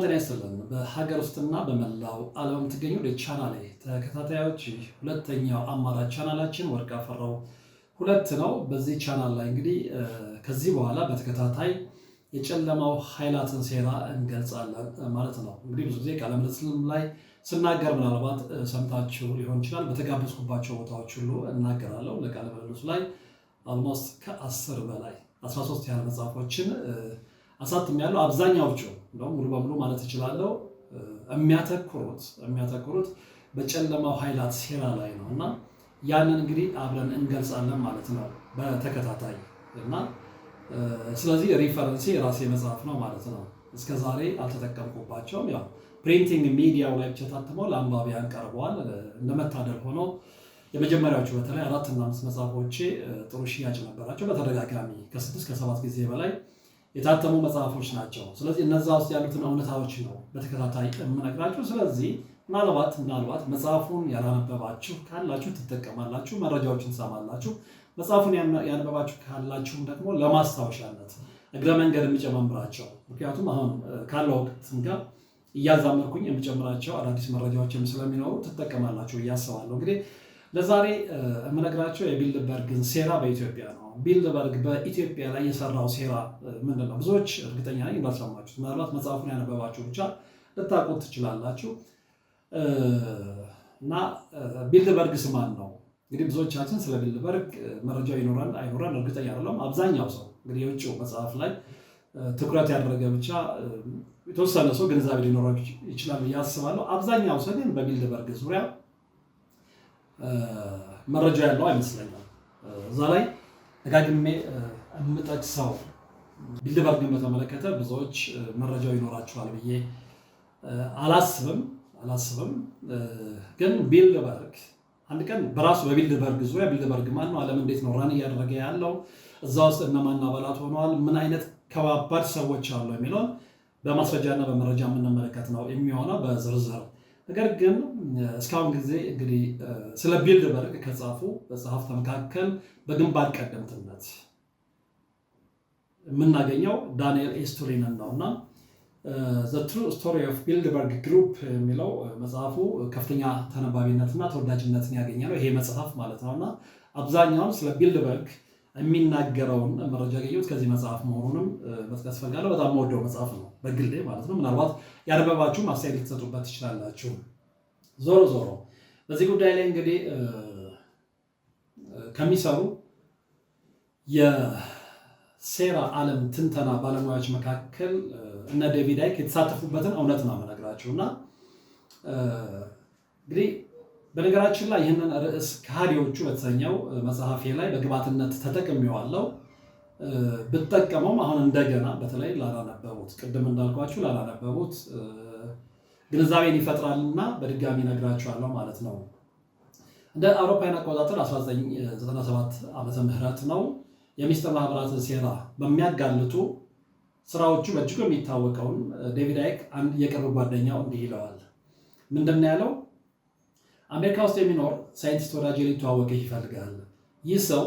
ሰላም ጤና ይስጥልን። በሀገር ውስጥና በመላው ዓለም የምትገኙ ለቻናሌ ተከታታዮች ሁለተኛው አማራጭ ቻናላችን ወርቅ አፈራው ሁለት ነው። በዚህ ቻናል ላይ እንግዲህ ከዚህ በኋላ በተከታታይ የጨለማው ኃይላትን ሴራ እንገልጻለን ማለት ነው። እንግዲህ ብዙ ጊዜ ቃለምልስልም ላይ ስናገር ምናልባት ሰምታችሁ ሊሆን ይችላል። በተጋበዝኩባቸው ቦታዎች ሁሉ እናገራለሁ። ለቃለምልሱ ላይ አልሞስት ከአስር በላይ 13 ያህል መጽሐፎችን አሳትም ያለው አብዛኛዎቹ እንደውም ሙሉ በሙሉ ማለት እችላለሁ የሚያተኩሩት የሚያተኩሩት በጨለማው ኃይላት ሴራ ላይ ነው እና ያንን እንግዲህ አብረን እንገልጻለን ማለት ነው በተከታታይ እና ስለዚህ ሪፈረንሴ የራሴ መጽሐፍ ነው ማለት ነው። እስከ ዛሬ አልተጠቀምኩባቸውም። ያው ፕሪንቲንግ ሚዲያው ላይ ብቻ ታትመው ለአንባቢያን ቀርበዋል። እንደመታደል ሆኖ የመጀመሪያዎቹ በተለይ አራት እና አምስት መጽሐፎቼ ጥሩ ሽያጭ ነበራቸው። በተደጋጋሚ ከስድስት ከሰባት ጊዜ በላይ የታተሙ መጽሐፎች ናቸው። ስለዚህ እነዛ ውስጥ ያሉትን እውነታዎች ነው በተከታታይ የምነግራችሁ። ስለዚህ ምናልባት ምናልባት መጽሐፉን ያላነበባችሁ ካላችሁ ትጠቀማላችሁ፣ መረጃዎችን ትሰማላችሁ። መጽሐፉን ያነበባችሁ ካላችሁም ደግሞ ለማስታወሻነት እግረ መንገድ የሚጨማምራቸው ምክንያቱም አሁን ካለው ወቅትም ጋር እያዛመርኩኝ የሚጨምራቸው አዳዲስ መረጃዎችም ስለሚኖሩ ትጠቀማላችሁ እያስባለሁ እንግዲህ ለዛሬ የምነግራቸው የቢልድበርግን ሴራ በኢትዮጵያ ነው። ቢልድበርግ በኢትዮጵያ ላይ የሰራው ሴራ ምንድን ነው? ብዙዎች እርግጠኛ ነኝ እንዳልሰማችሁት፣ ምናልባት መጽሐፉን ያነበባችሁ ብቻ ልታቆት ትችላላችሁ። እና ቢልድበርግ ስማን ነው? እንግዲህ ብዙዎቻችን ስለ ቢልድበርግ መረጃ ይኖራል አይኖራል እርግጠኛ አይደለም። አብዛኛው ሰው እንግዲህ የውጭው መጽሐፍ ላይ ትኩረት ያደረገ ብቻ የተወሰነ ሰው ግንዛቤ ሊኖረው ይችላል ብዬ አስባለሁ። አብዛኛው ሰው ግን በቢልድበርግ ዙሪያ መረጃ ያለው አይመስለኛል። እዛ ላይ ደጋግሜ የምጠቅሰው ቢልደበርግን በተመለከተ ብዙዎች መረጃው ይኖራቸዋል ብዬ አላስብም አላስብም። ግን ቢልደበርግ አንድ ቀን በራሱ በቢልደበርግ ዙሪያ ቢልደበርግ ማን ነው፣ ዓለም እንዴት ነው ራን እያደረገ ያለው፣ እዛ ውስጥ እነማን አባላት ሆነዋል፣ ምን አይነት ከባባድ ሰዎች አሉ የሚለውን በማስረጃና በመረጃ የምንመለከት ነው የሚሆነው በዝርዝር ነገር ግን እስካሁን ጊዜ እንግዲህ ስለ ቢልድ በርግ ከጻፉ መጽሐፍት መካከል በግንባር ቀደምትነት የምናገኘው ዳንኤል ኤስቱሪንን ነው እና ዘ ትሩ ስቶሪ ኦፍ ቢልድበርግ ግሩፕ የሚለው መጽሐፉ ከፍተኛ ተነባቢነትና ተወዳጅነትን ያገኘ ነው ይሄ መጽሐፍ ማለት ነው እና አብዛኛውን ስለ ቢልድበርግ የሚናገረውን መረጃ ያገኘሁት ከዚህ መጽሐፍ መሆኑንም መጥቀስ እፈልጋለሁ። በጣም መወደው መጽሐፍ ነው በግሌ ማለት ነው። ምናልባት ያነበባችሁ አስተያየት ልትሰጡበት ትችላላችሁ። ዞሮ ዞሮ በዚህ ጉዳይ ላይ እንግዲህ ከሚሰሩ የሴራ ዓለም ትንተና ባለሙያዎች መካከል እነ ዴቪድ አይክ የተሳተፉበትን እውነት ነው የምነግራችሁ እና እንግዲህ በነገራችን ላይ ይህንን ርዕስ ከሃዲዎቹ በተሰኘው መጽሐፌ ላይ በግባትነት ተጠቅሜዋለሁ። ብጠቀመውም አሁን እንደገና በተለይ ላላነበቡት፣ ቅድም እንዳልኳችሁ ላላነበቡት ግንዛቤን ይፈጥራልና በድጋሚ ነግራችኋለሁ ማለት ነው። እንደ አውሮፓውያን አቆጣጠር 1997 ዓመተ ምህረት ነው የሚስጥር ማህበራትን ሴራ በሚያጋልጡ ስራዎቹ በእጅጉ የሚታወቀውን ዴቪድ አይክ አንድ የቅርብ ጓደኛው እንዲህ ይለዋል። ምንድን ነው ያለው? አሜሪካ ውስጥ የሚኖር ሳይንቲስት ወዳጅ ሊተዋወቅ ይፈልጋል። ይህ ሰው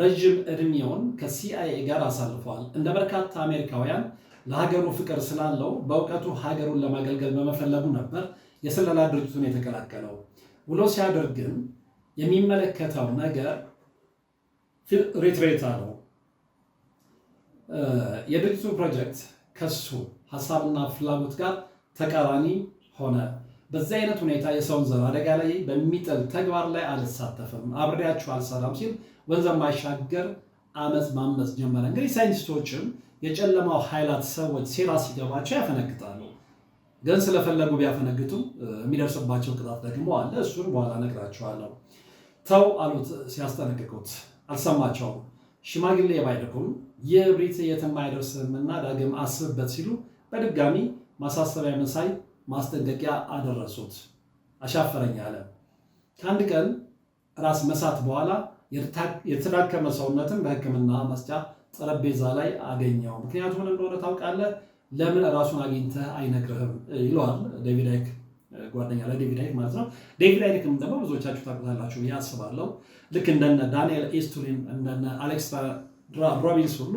ረዥም እድሜውን ከሲአይኤ ጋር አሳልፏል። እንደ በርካታ አሜሪካውያን ለሀገሩ ፍቅር ስላለው በእውቀቱ ሀገሩን ለማገልገል በመፈለጉ ነበር የስለላ ድርጅቱን የተቀላቀለው። ውሎ ሲያደርግ ግን የሚመለከተው ነገር ሪትሬታ ነው። የድርጅቱ ፕሮጀክት ከሱ ሀሳብና ፍላጎት ጋር ተቃራኒ ሆነ። በዚህ አይነት ሁኔታ የሰውን ዘር አደጋ ላይ በሚጥል ተግባር ላይ አልሳተፍም፣ አብሬያችሁ አልሰራም ሲል ወንዝ ማሻገር አመፅ ማመፅ ጀመረ። እንግዲህ ሳይንቲስቶችም የጨለማው ኃይላት ሰዎች ሴራ ሲገባቸው ያፈነግጣሉ። ግን ስለፈለጉ ቢያፈነግጡ የሚደርስባቸው ቅጣት ደግሞ አለ። እሱን በኋላ እነግራችኋለሁ። ተው አሉት ሲያስጠነቅቁት፣ አልሰማቸውም። ሽማግሌ ባይልኩም ይህ እብሪት የትም አይደርስም እና ዳግም አስብበት ሲሉ በድጋሚ ማሳሰቢያ መሳይ ማስጠንቀቂያ አደረሱት። አሻፈረኝ አለ። ከአንድ ቀን ራስ መሳት በኋላ የተዳከመ ሰውነትን በሕክምና መስጫ ጠረጴዛ ላይ አገኘው። ምክንያቱ ምን እንደሆነ ታውቃለህ? ለምን ራሱን አግኝተህ አይነግርህም? ይለዋል ዴቪድ አይክ ጓደኛ ዴቪድ አይክ ማለት ነው። ዴቪድ አይክም ደግሞ ብዙዎቻችሁ ታውቁታላችሁ ያስባለው ልክ እንደነ ዳንኤል ኤስቱሪን እንደነ አሌክስ ሮቢንስ ሁሉ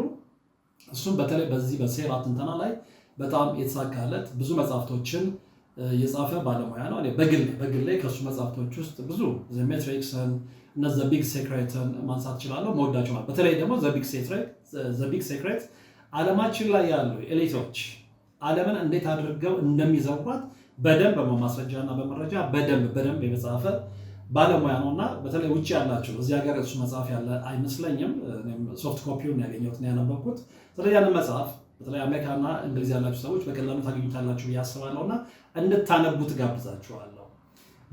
እሱም በተለይ በዚህ በሴራ ትንተና ላይ በጣም የተሳካለት ብዙ መጽሐፍቶችን የጻፈ ባለሙያ ነው። በግል በግል ላይ ከእሱ መጽሐፍቶች ውስጥ ብዙ ሜትሪክስን እና ዘቢግ ሴክሬትን ማንሳት እችላለሁ። መወዳቸው በተለይ ደግሞ ዘቢግ ሴክሬት ዓለማችን ላይ ያሉ ኤሊቶች ዓለምን እንዴት አድርገው እንደሚዘውሯት በደንብ በማስረጃ እና በመረጃ በደንብ በደንብ የመጻፈ ባለሙያ ነው እና በተለይ ውጭ ያላቸው እዚህ ሀገር እሱ መጽሐፍ ያለ አይመስለኝም። ሶፍት ኮፒውን ያገኘሁት ነው ያነበብኩት። ስለዚህ ያንን መጽሐፍ በተለይ አሜሪካና እንግሊዝ ያላችሁ ሰዎች በቀላሉ ታገኙታላችሁ እያስባለሁ እና እንድታነቡት ጋብዛችኋለሁ።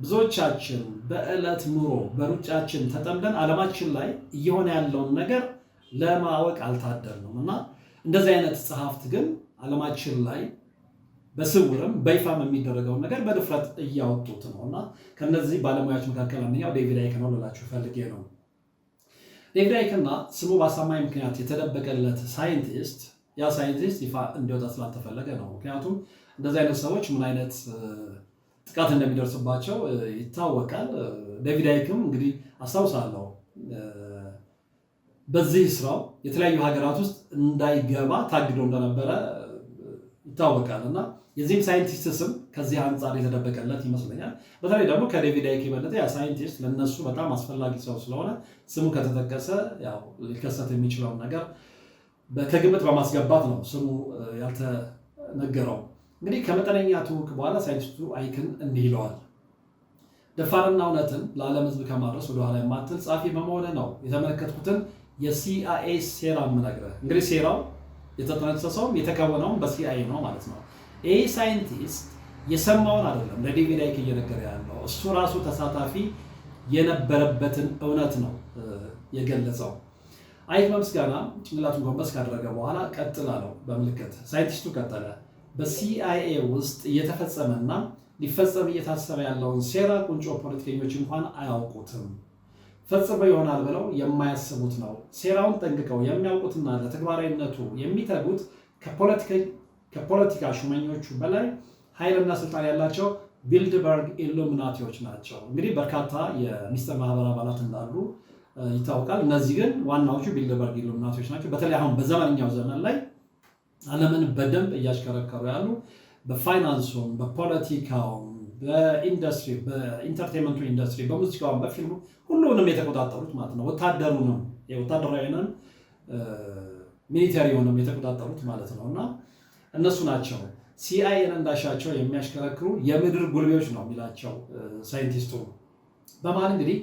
ብዙዎቻችን በዕለት ኑሮ በሩጫችን ተጠምደን ዓለማችን ላይ እየሆነ ያለውን ነገር ለማወቅ አልታደልንም እና እንደዚህ አይነት ጸሐፍት ግን ዓለማችን ላይ በስውርም በይፋም የሚደረገውን ነገር በድፍረት እያወጡት ነው እና ከነዚህ ባለሙያዎች መካከል አንደኛው ዴቪድ አይክ ነው ልላችሁ ፈልጌ ነው። ዴቪድ አይክና ስሙ በአሳማኝ ምክንያት የተደበቀለት ሳይንቲስት ያ ሳይንቲስት ይፋ እንዲወጣ ስላልተፈለገ ነው። ምክንያቱም እንደዚህ አይነት ሰዎች ምን አይነት ጥቃት እንደሚደርስባቸው ይታወቃል። ዴቪድ አይክም እንግዲህ አስታውሳለሁ በዚህ ስራው የተለያዩ ሀገራት ውስጥ እንዳይገባ ታግዶ እንደነበረ ይታወቃል። እና የዚህም ሳይንቲስት ስም ከዚህ አንጻር የተደበቀለት ይመስለኛል። በተለይ ደግሞ ከዴቪድ አይክ የበለጠ ያ ሳይንቲስት ለእነሱ በጣም አስፈላጊ ሰው ስለሆነ ስሙ ከተጠቀሰ ያው ሊከሰት የሚችለውን ነገር በከግምት በማስገባት ነው ስሙ ያልተነገረው። እንግዲህ ከመጠነኛ ትውውቅ በኋላ ሳይንቲስቱ አይክን እንዲህ ይለዋል። ደፋርና እውነትን ለዓለም ሕዝብ ከማድረስ ወደኋላ የማትል ጸሐፊ በመሆነ ነው የተመለከትኩትን የሲአይኤ ሴራ የምነግርህ። እንግዲህ ሴራው የተጠነሰሰውም የተከወነውም በሲአይኤ ነው ማለት ነው። ይህ ሳይንቲስት የሰማውን አይደለም ለዴቪድ አይክ እየነገረ ያለው እሱ ራሱ ተሳታፊ የነበረበትን እውነት ነው የገለጸው። አይት መምስጋና ጭንቅላቱን ጎንበስ ካደረገ በኋላ ቀጥል አለው። በምልክት ሳይንቲስቱ ቀጠለ። በሲአይኤ ውስጥ እየተፈጸመና ሊፈጸም እየታሰበ ያለውን ሴራ ቁንጮ ፖለቲከኞች እንኳን አያውቁትም። ፈጽመው ይሆናል ብለው የማያስቡት ነው። ሴራውን ጠንቅቀው የሚያውቁትና ለተግባራዊነቱ የሚተጉት ከፖለቲካ ሹመኞቹ በላይ ኃይልና ስልጣን ያላቸው ቢልድበርግ ኢሉሚናቲዎች ናቸው። እንግዲህ በርካታ የሚኒስትር ማህበር አባላት እንዳሉ ይታወቃል። እነዚህ ግን ዋናዎቹ ቢልደበርግ ኢሉሚናቶች ናቸው። በተለይ አሁን በዘመንኛው ዘመን ላይ ዓለምን በደንብ እያሽከረከሩ ያሉ በፋይናንሱም፣ በፖለቲካውም፣ በኢንዱስትሪ በኢንተርቴንመንቱ ኢንዱስትሪ፣ በሙዚቃውም፣ በፊልሙ ሁሉንም የተቆጣጠሩት ማለት ነው። ወታደሩንም ወታደራዊንም ሚሊተሪውንም የተቆጣጠሩት ማለት ነው እና እነሱ ናቸው ሲአይኤን እንዳሻቸው የሚያሽከረክሩ የምድር ጉልቤዎች ነው የሚላቸው ሳይንቲስቱ በማለት እንግዲህ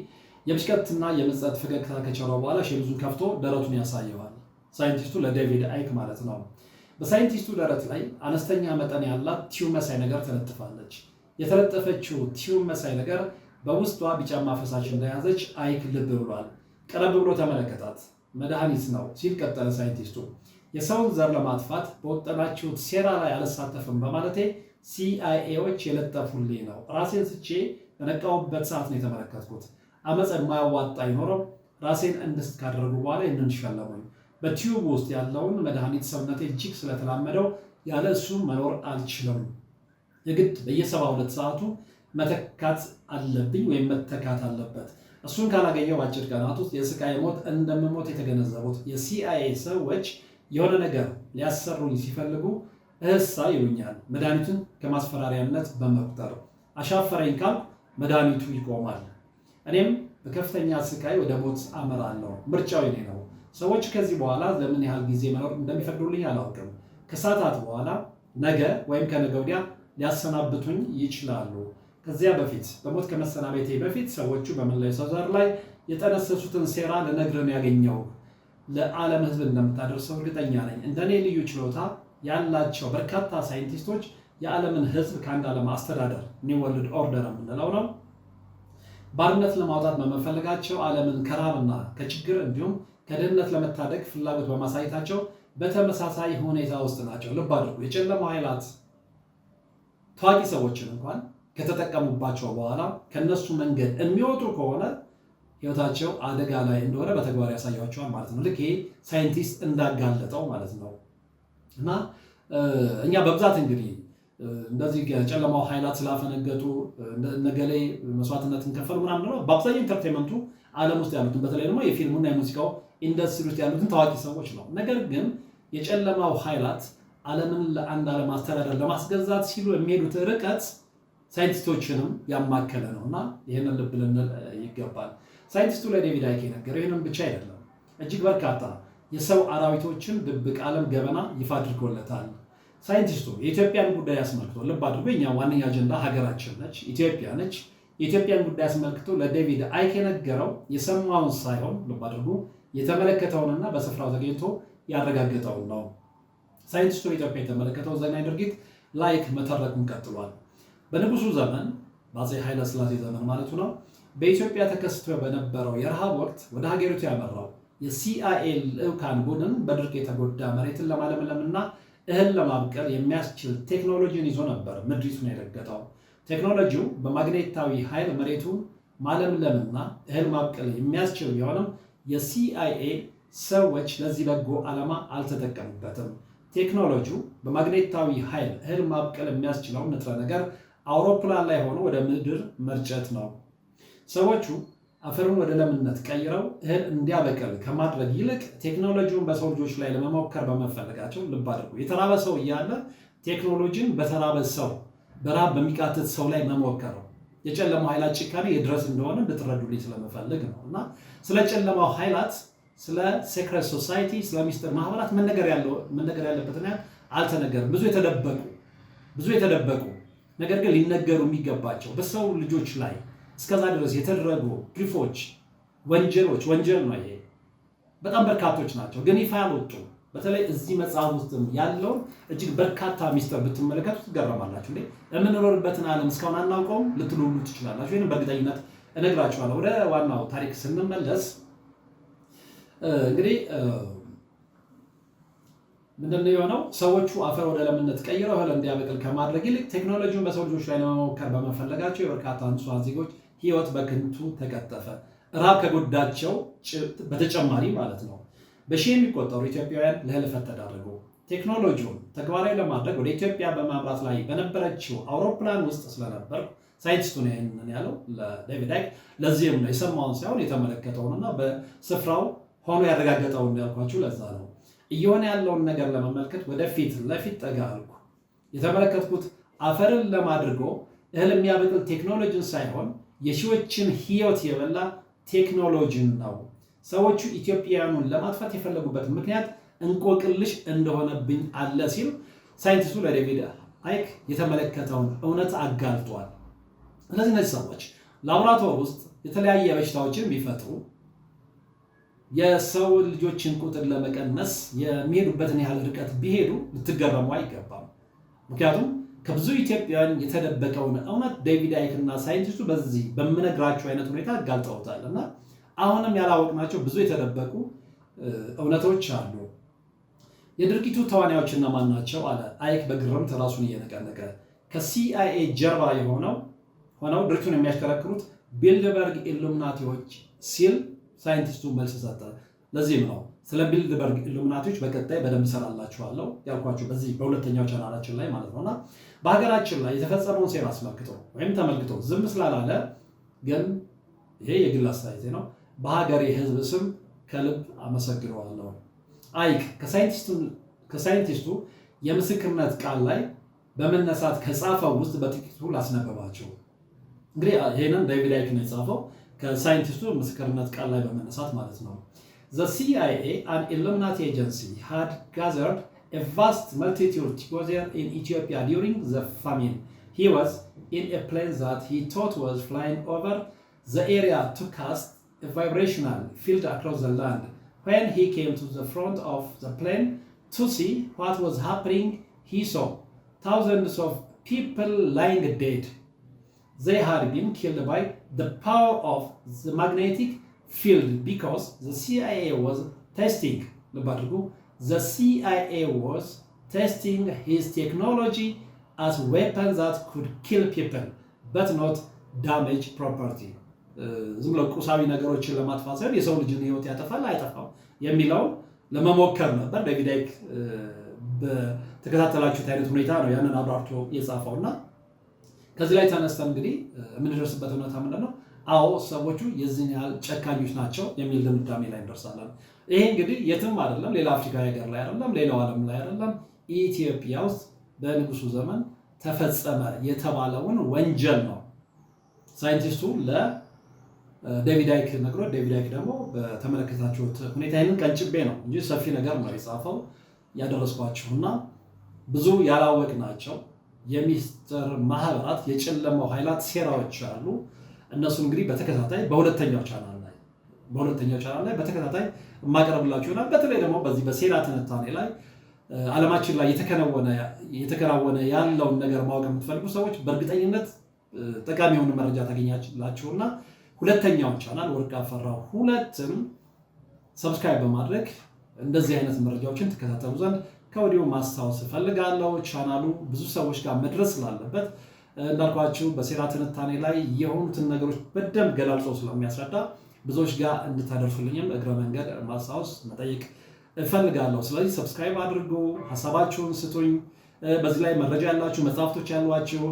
የምሽከትና የምጸት ፈገግታ ከቸረው በኋላ ሸሚዙን ከፍቶ ደረቱን ያሳየዋል። ሳይንቲስቱ ለዴቪድ አይክ ማለት ነው። በሳይንቲስቱ ደረት ላይ አነስተኛ መጠን ያላት ቲዩብ መሳይ ነገር ተለጥፋለች። የተለጠፈችው ቲዩብ መሳይ ነገር በውስጧ ቢጫማ ፈሳሽ እንደያዘች አይክ ልብ ብሏል። ቀረብ ብሎ ተመለከታት። መድኃኒት ነው ሲል ቀጠለ ሳይንቲስቱ። የሰውን ዘር ለማጥፋት በወጠናችሁት ሴራ ላይ አልሳተፍም በማለቴ ሲአይኤዎች የለጠፉልኝ ነው። ራሴን ስቼ በነቃውበት ሰዓት ነው የተመለከትኩት። አመፅ የማያዋጣ ይኖረው ራሴን እንድስት ካደረጉ በኋላ ይህንን ሸለሙኝ። በቲዩብ ውስጥ ያለውን መድኃኒት ሰውነቴ እጅግ ስለተላመደው ያለ እሱ መኖር አልችልም የግድ በየሰባ ሁለት ሰዓቱ መተካት አለብኝ ወይም መተካት አለበት። እሱን ካላገኘው በአጭር ቀናት ውስጥ የስቃይ ሞት እንደምሞት የተገነዘቡት የሲአይኤ ሰዎች የሆነ ነገር ሊያሰሩኝ ሲፈልጉ እህሳ ይሉኛል። መድኃኒቱን ከማስፈራሪያነት በመቁጠር አሻፈረኝ ካል መድኃኒቱ ይቆማል። እኔም በከፍተኛ ስቃይ ወደ ሞት አመራለሁ። ምርጫው የኔ ነው። ሰዎች ከዚህ በኋላ ለምን ያህል ጊዜ መኖር እንደሚፈቅዱልኝ አላውቅም። ከሰዓታት በኋላ ነገ ወይም ከነገ ወዲያ ሊያሰናብቱኝ ይችላሉ። ከዚያ በፊት በሞት ከመሰናበቴ በፊት ሰዎቹ በመላው ሰው ዘር ላይ የጠነሰሱትን ሴራ ልነግርህ ነው ያገኘው። ለዓለም ሕዝብ እንደምታደርሰው እርግጠኛ ነኝ። እንደኔ ልዩ ችሎታ ያላቸው በርካታ ሳይንቲስቶች የዓለምን ሕዝብ ከአንድ ዓለም አስተዳደር ኒው ወርልድ ኦርደር የምንለው ነው ባርነት ለማውጣት በመፈለጋቸው ዓለምን ከራብና ከችግር እንዲሁም ከድህነት ለመታደግ ፍላጎት በማሳየታቸው በተመሳሳይ ሁኔታ ውስጥ ናቸው። ልብ አድርጉ። የጨለማ ኃይላት ታዋቂ ሰዎችን እንኳን ከተጠቀሙባቸው በኋላ ከነሱ መንገድ የሚወጡ ከሆነ ህይወታቸው አደጋ ላይ እንደሆነ በተግባር ያሳያቸዋል ማለት ነው። ልክ ሳይንቲስት እንዳጋለጠው ማለት ነው። እና እኛ በብዛት እንግዲህ እንደዚህ የጨለማው ኃይላት ስላፈነገጡ ነገሌ መስዋዕትነት ከፈሉ ምናምን ነው። በአብዛኛው ኢንተርቴንመንቱ ዓለም ውስጥ ያሉትን በተለይ ደግሞ የፊልሙና የሙዚቃው ኢንዱስትሪ ውስጥ ያሉትን ታዋቂ ሰዎች ነው። ነገር ግን የጨለማው ኃይላት ዓለምን ለአንድ ዓለም አስተዳደር ለማስገዛት ሲሉ የሚሄዱት ርቀት ሳይንቲስቶችንም ያማከለ ነው እና ይህንን ልብ ልንል ይገባል። ሳይንቲስቱ ለዴቪድ አይክ የነገረው ይህንን ብቻ አይደለም፣ እጅግ በርካታ የሰው አራዊቶችን ድብቅ ዓለም ገበና ይፋ አድርጎለታል። ሳይንቲስቱ የኢትዮጵያን ጉዳይ አስመልክቶ ልብ አድርጎ እኛ ዋነኛ አጀንዳ ሀገራችን ነች፣ ኢትዮጵያ ነች። የኢትዮጵያን ጉዳይ አስመልክቶ ለዴቪድ አይክ የነገረው የሰማውን ሳይሆን ልብ አድርጎ የተመለከተውንና በስፍራው ተገኝቶ ያረጋገጠውን ነው። ሳይንቲስቱ በኢትዮጵያ የተመለከተው ዘግናኝ ድርጊት ላይክ መተረኩን ቀጥሏል። በንጉሱ ዘመን በአፄ ስላሴ ዘመን ማለቱ ነው። በኢትዮጵያ ተከስቶ በነበረው የረሃብ ወቅት ወደ ሀገሪቱ ያመራው የሲአይኤ ልዑካን ቡድን በድርቅ የተጎዳ መሬትን ለማለምለምና እህል ለማብቀል የሚያስችል ቴክኖሎጂን ይዞ ነበር ምድሪቱን የረገጠው። ቴክኖሎጂው በማግኔታዊ ኃይል መሬቱን ማለምለምና እህል ማብቀል የሚያስችል ቢሆንም የሲአይኤ ሰዎች ለዚህ በጎ ዓላማ አልተጠቀሙበትም። ቴክኖሎጂው በማግኔታዊ ኃይል እህል ማብቀል የሚያስችለው ንጥረ ነገር አውሮፕላን ላይ ሆኖ ወደ ምድር መርጨት ነው። ሰዎቹ አፈሩን ወደ ለምነት ቀይረው እህል እንዲያበቅል ከማድረግ ይልቅ ቴክኖሎጂውን በሰው ልጆች ላይ ለመሞከር በመፈለጋቸው ልብ አድርጉ። የተራበ ሰው እያለ ቴክኖሎጂን በተራበ ሰው በራብ በሚቃትት ሰው ላይ መሞከረው የጨለማው ኃይላት ጭካኔ የድረስ እንደሆነ ብትረዱልኝ ስለምፈልግ ነው። እና ስለ ጨለማው ኃይላት፣ ስለ ሴክሬት ሶሳይቲ፣ ስለ ሚስጥር ማህበራት መነገር ያለበትን አልተነገርም። ብዙ የተደበቁ ብዙ የተደበቁ ነገር ግን ሊነገሩ የሚገባቸው በሰው ልጆች ላይ እስከዛ ድረስ የተደረጉ ግፎች፣ ወንጀሎች ወንጀል ነው ይሄ በጣም በርካቶች ናቸው፣ ግን ይፋ ያልወጡ በተለይ እዚህ መጽሐፍ ውስጥ ያለውን እጅግ በርካታ ሚስጥር ብትመለከቱ ትገረማላችሁ። የምንኖርበትን ዓለም እስካሁን አናውቀውም ልትሉሉ ትችላላችሁ። ወይም በእርግጠኝነት እነግራችኋለሁ። ወደ ዋናው ታሪክ ስንመለስ እንግዲህ ምንድን የሆነው? ሰዎቹ አፈር ወደ ለምነት ቀይረው እህል እንዲያበቅል ከማድረግ ይልቅ ቴክኖሎጂውን በሰው ልጆች ላይ ለመሞከር በመፈለጋቸው የበርካታ ንጹሐን ዜጎች ሕይወት በከንቱ ተቀጠፈ። ራብ ከጎዳቸው በተጨማሪ ማለት ነው በሺህ የሚቆጠሩ ኢትዮጵያውያን ለህልፈት ተዳረጉ። ቴክኖሎጂውን ተግባራዊ ለማድረግ ወደ ኢትዮጵያ በማምራት ላይ በነበረችው አውሮፕላን ውስጥ ስለነበር ሳይንቲስቱ ነው ይህንን ያለው ለዴቪድ አይክ። ለዚህም ነው የሰማውን ሳይሆን የተመለከተውንና በስፍራው ሆኖ ያረጋገጠው ያልኳችሁ ለዛ ነው። እየሆነ ያለውን ነገር ለመመልከት ወደፊት ለፊት ጠጋ አልኩ። የተመለከትኩት አፈርን ለማድርጎ እህል የሚያበቅል ቴክኖሎጂን ሳይሆን የሺዎችን ህይወት የበላ ቴክኖሎጂን ነው። ሰዎቹ ኢትዮጵያውያኑን ለማጥፋት የፈለጉበት ምክንያት እንቆቅልሽ እንደሆነብኝ አለ ሲል ሳይንቲስቱ ለዴቪድ አይክ የተመለከተውን እውነት አጋልጧል። እነዚህ እነዚህ ሰዎች ላቦራቶሪ ውስጥ የተለያየ በሽታዎችን የሚፈጥሩ የሰው ልጆችን ቁጥር ለመቀነስ የሚሄዱበትን ያህል ርቀት ቢሄዱ ልትገረሙ አይገባም። ምክንያቱም ከብዙ ኢትዮጵያውያን የተደበቀውን እውነት ዴቪድ አይክና ሳይንቲስቱ በዚህ በምነግራቸው አይነት ሁኔታ አጋልጠውታል እና አሁንም ያላወቅናቸው ብዙ የተደበቁ እውነቶች አሉ። የድርጊቱ ተዋናዮች እነማን ናቸው? አለ አይክ በግርምት ራሱን እየነቀነቀ። ከሲአይኤ ጀርባ የሆነው ሆነው ድርጅቱን የሚያሽከረክሩት ቢልደበርግ ኢሉምናቲዎች ሲል ሳይንቲስቱ መልስ ሰጠ። ለዚህም ነው ስለ ቢልድበርግ ኢሉሚናቲዎች በቀጣይ በደንብ ሰራላችኋለሁ ያልኳችሁ በዚህ በሁለተኛው ቻናላችን ላይ ማለት ነውና በሀገራችን ላይ የተፈጸመውን ሴራ አስመልክቶ ወይም ተመልክቶ ዝም ስላላለ ግን ይሄ የግል አስተያየቴ ነው። በሀገሬ ሕዝብ ስም ከልብ አመሰግነዋለሁ። አይክ ከሳይንቲስቱ የምስክርነት ቃል ላይ በመነሳት ከጻፈው ውስጥ በጥቂቱ ላስነበባቸው። እንግዲህ ይህንን ዴቪድ አይክ ነው የጻፈው ከሳይንቲስቱ ምስክርነት ቃል ላይ በመነሳት ማለት ነው። the CIA and Illuminati Agency had gathered a vast multitude together in Ethiopia during the famine. He was in a plane that he thought was flying over the area to cast a vibrational field across the land. When he came to the front of the plane to see what was happening, he saw thousands of people lying dead. They had been killed by the power of the magnetic ፊልድ ቢካዝ ዘ ሲአይኤ ዋዝ ቴስቲንግ ልብ አድርጉ ዘ ሲአይኤ ዋዝ ቴስቲንግ ሂዝ ቴክኖሎጂ አስ ዌፐን ዛት ኩድ ኪል ፒፕል በት ኖት ዳሜጅ ዝም ብሎ ቁሳዊ ነገሮችን ለማጥፋት ሳይሆን የሰው ልጅን ህይወት ያጠፋል አይጠፋም የሚለውን ለመሞከር ነበር። ዴቪድ በተከታተላችሁት አይነት ሁኔታ ነው ያንን አብራርቶ የጻፈው እና ከዚህ ላይ ተነስተን እንግዲህ የምንደርስበት እውነታ ምንድን ነው? አዎ ሰዎቹ የዚህን ያህል ጨካኞች ናቸው የሚል ድምዳሜ ላይ እንደርሳለን። ይሄ እንግዲህ የትም አይደለም፣ ሌላ አፍሪካ ሀገር ላይ አይደለም፣ ሌላው ዓለም ላይ አይደለም፣ ኢትዮጵያ ውስጥ በንጉሱ ዘመን ተፈጸመ የተባለውን ወንጀል ነው። ሳይንቲስቱ ለዴቪድ አይክ ነግሮ፣ ዴቪድ አይክ ደግሞ በተመለከታችሁት ሁኔታ ይህንን ቀንጭቤ ነው እንጂ ሰፊ ነገር ነው የጻፈው ያደረስኳችሁና ብዙ ያላወቅ ናቸው የሚስጥር ማህበራት፣ የጨለማው ኃይላት ሴራዎች አሉ። እነሱን እንግዲህ በተከታታይ በሁለተኛው ቻናል ላይ በሁለተኛው ቻናል ላይ በተከታታይ የማቀርብላችሁ ይሆናል። በተለይ ደግሞ በዚህ በሴራ ትንታኔ ላይ ዓለማችን ላይ የተከናወነ ያለውን ነገር ማወቅ የምትፈልጉ ሰዎች በእርግጠኝነት ጠቃሚ የሆኑ መረጃ ታገኛላችሁና ሁለተኛውን ቻናል ወርቅ አፈራው ሁለትም ሰብስክራይብ በማድረግ እንደዚህ አይነት መረጃዎችን ትከታተሉ ዘንድ ከወዲሁ ማስታወስ እፈልጋለሁ። ቻናሉ ብዙ ሰዎች ጋር መድረስ ስላለበት እንዳልኳችሁ በሴራ ትንታኔ ላይ የሆኑትን ነገሮች በደንብ ገላልጾ ስለሚያስረዳ ብዙዎች ጋር እንድታደርሱልኝም እግረ መንገድ ማስታወስ መጠየቅ እፈልጋለሁ። ስለዚህ ሰብስክራይብ አድርጉ፣ ሀሳባችሁን ስቱኝ በዚህ ላይ መረጃ ያላችሁ መጽሐፍቶች ያሏችሁ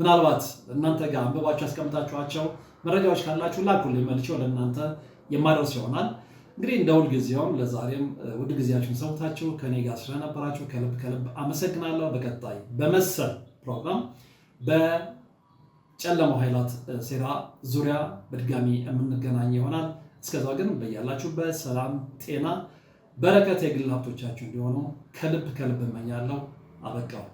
ምናልባት እናንተ ጋር አንብባችሁ ያስቀምጣችኋቸው መረጃዎች ካላችሁ ላኩልኝ፣ መልቼ ወደ እናንተ የማደርስ ይሆናል። እንግዲህ እንደ ጊዜውም ለዛሬም ውድ ጊዜያችሁን ሰውታችሁ ከኔ ጋር ስለነበራችሁ ከልብ ከልብ አመሰግናለሁ። በቀጣይ በመሰል ፕሮግራም በጨለማው ኃይላት ሴራ ዙሪያ በድጋሚ የምንገናኝ ይሆናል። እስከዛ ግን በያላችሁበት ሰላም፣ ጤና፣ በረከት የግል ሀብቶቻችሁ እንዲሆኑ ከልብ ከልብ እመኛለሁ። አበቃው።